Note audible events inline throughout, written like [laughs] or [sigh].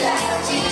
Yeah.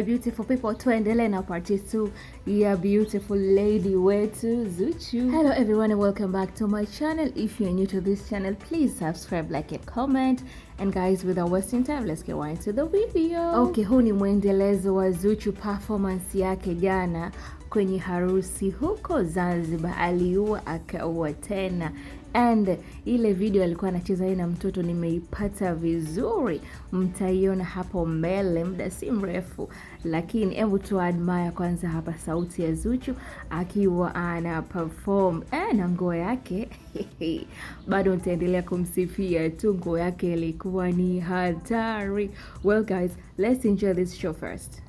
my beautiful people, tuendelee na part 2 ya beautiful lady wetu Zuchu. Hello everyone and welcome back to my channel. If you're new to this channel, please subscribe, like and comment. And guys, without wasting time, let's get right into the video. Okay, huu ni mwendelezo wa Zuchu performance yake jana kwenye harusi huko Zanzibar, aliua akaua tena. And ile video alikuwa anacheza yeye na mtoto nimeipata vizuri, mtaiona hapo mbele muda si mrefu, lakini hebu tu admire kwanza hapa sauti ya Zuchu akiwa ana perform eh, na nguo yake [laughs] bado nitaendelea kumsifia tu, nguo yake ilikuwa ni hatari. Well guys, let's enjoy this show first.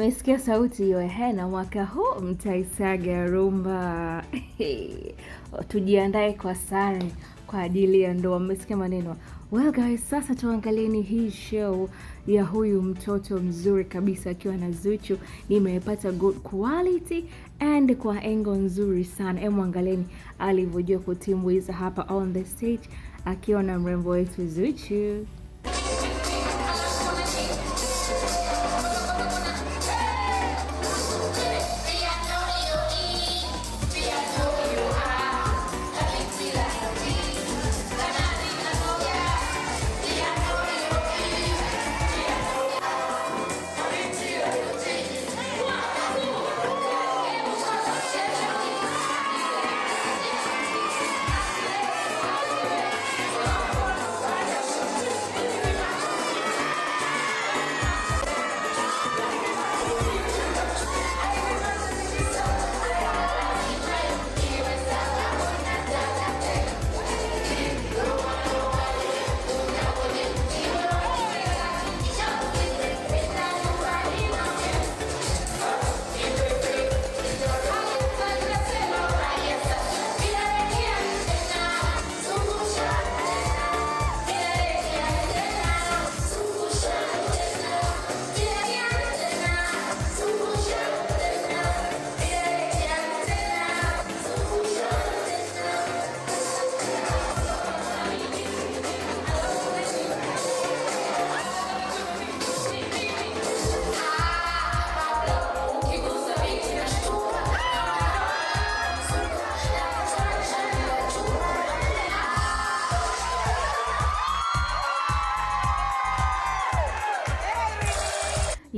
mesikia sauti hiyo ehe, na mwaka huu mtaisaga rumba. Tujiandae kwa sare kwa ajili ya ndoa. Mmesikia maneno. Well guys, sasa tuangalieni hii show ya huyu mtoto mzuri kabisa akiwa na Zuchu. Nimepata good quality and kwa engo nzuri sana. Hebu angalieni alivyojua kutimbuiza hapa on the stage akiwa na mrembo wetu Zuchu.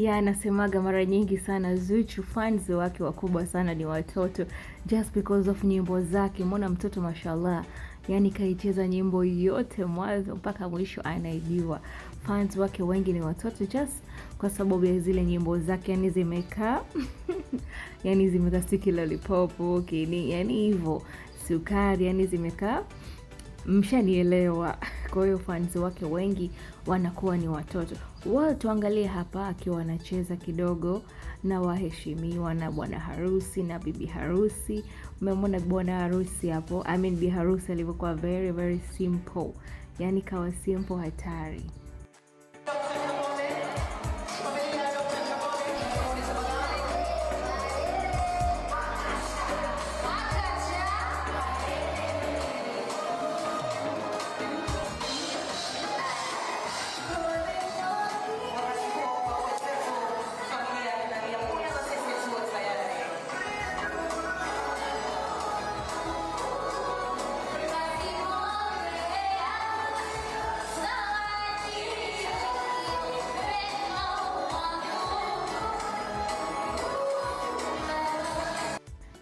ya anasemaga mara nyingi sana Zuchu fans wake wakubwa sana ni watoto, just because of nyimbo zake. Mbona mtoto mashallah, yani kaicheza nyimbo yote mwanzo mpaka mwisho, anaijua. Fans wake wengi ni watoto, just kwa sababu ya zile nyimbo zake, yani zimekaa [laughs] yani zimekaa siki lolipopu kini, yani hivyo sukari, yani zimekaa mshanielewa. Kwa hiyo fans wake wengi wanakuwa ni watoto wao. Tuangalie hapa akiwa anacheza kidogo na waheshimiwa na bwana harusi na bibi harusi. Umemwona bwana harusi hapo, I mean bi harusi alivyokuwa very very simple, yani kawa simple hatari.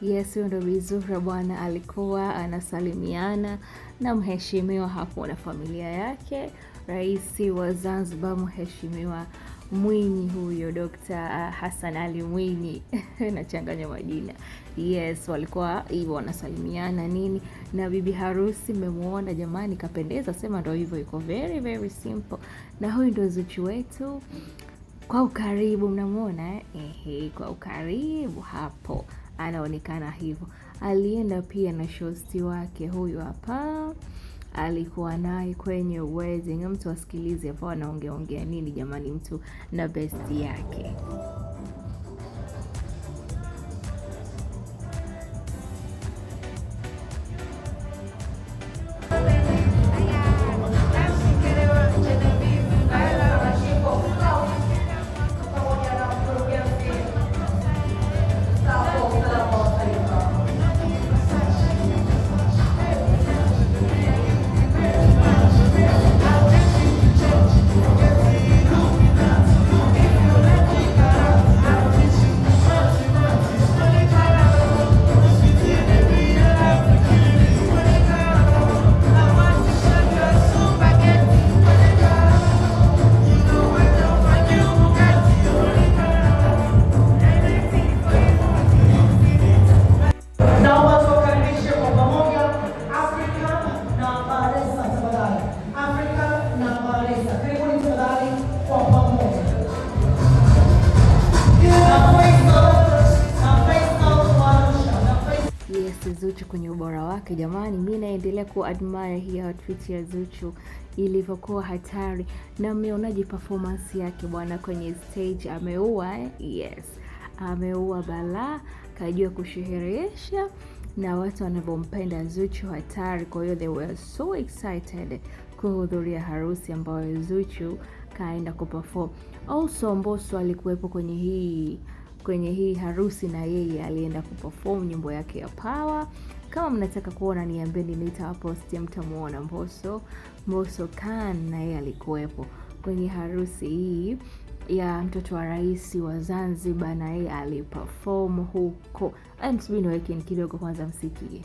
Yes, huyo ndo vizuri bwana, alikuwa anasalimiana na mheshimiwa hapo na familia yake, rais wa Zanzibar Mheshimiwa Mwinyi huyo, Dokta uh, Hassan Ali Mwinyi [laughs] nachanganya majina. Yes, walikuwa hivyo wanasalimiana nini, na bibi harusi mmemwona jamani, kapendeza, sema ndo hivyo, iko very very simple. Na huyu ndo Zuchu wetu kwa ukaribu, mnamwona eh, eh kwa ukaribu hapo anaonekana hivyo. Alienda pia na shosti wake huyu hapa alikuwa naye kwenye wedding. Mtu asikilize hapo anaongeaongea nini jamani, mtu na besti yake. wake. Jamani, mi naendelea ku admire hii outfit ya Zuchu ilivyokuwa hatari, na mmeonaje performance yake bwana kwenye stage? Ameua eh? Yes, ameua balaa, kajua kusherehesha na watu wanavyompenda Zuchu hatari. Kwa hiyo they were so excited kuhudhuria harusi ambayo Zuchu kaenda kuperform. Also Mbosso alikuwepo kwenye hii kwenye hii harusi na yeye alienda kuperform nyimbo yake ya Power kama mnataka kuona, niambieni, nitawaposti. mtamuona Mbosso. Mbosso Khan na yeye alikuwepo kwenye harusi hii ya mtoto wa rais wa Zanzibar, na yeye aliperform huko. Msubiri niwekeni kidogo kwanza, msikie.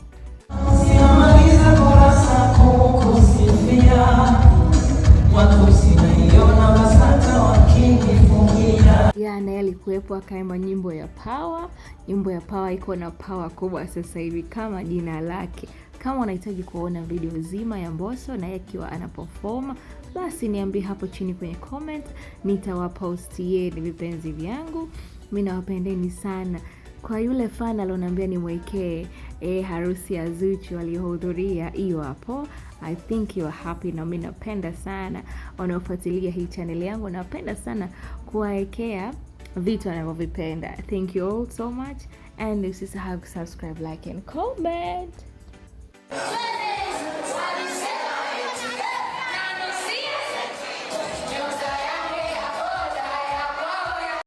alikuwepo akaimba nyimbo ya Pawa. Nyimbo ya Pawa iko na pawa kubwa sasa hivi kama jina lake. Kama unahitaji kuona video zima ya Mbosso na yeye akiwa anapofoma, basi niambie hapo chini kwenye comment, nitawapostieni vipenzi vyangu. Mimi nawapendeni sana. Kwa yule fan alionambia nimwekee e, eh, harusi ya Zuchu aliyohudhuria hiyo hapo, I think you are happy. Na mimi napenda sana wanaofuatilia hii channel yangu, napenda sana kuwaekea vitu anavyovipenda thank you all so much and usisahau kusubscribe like and comment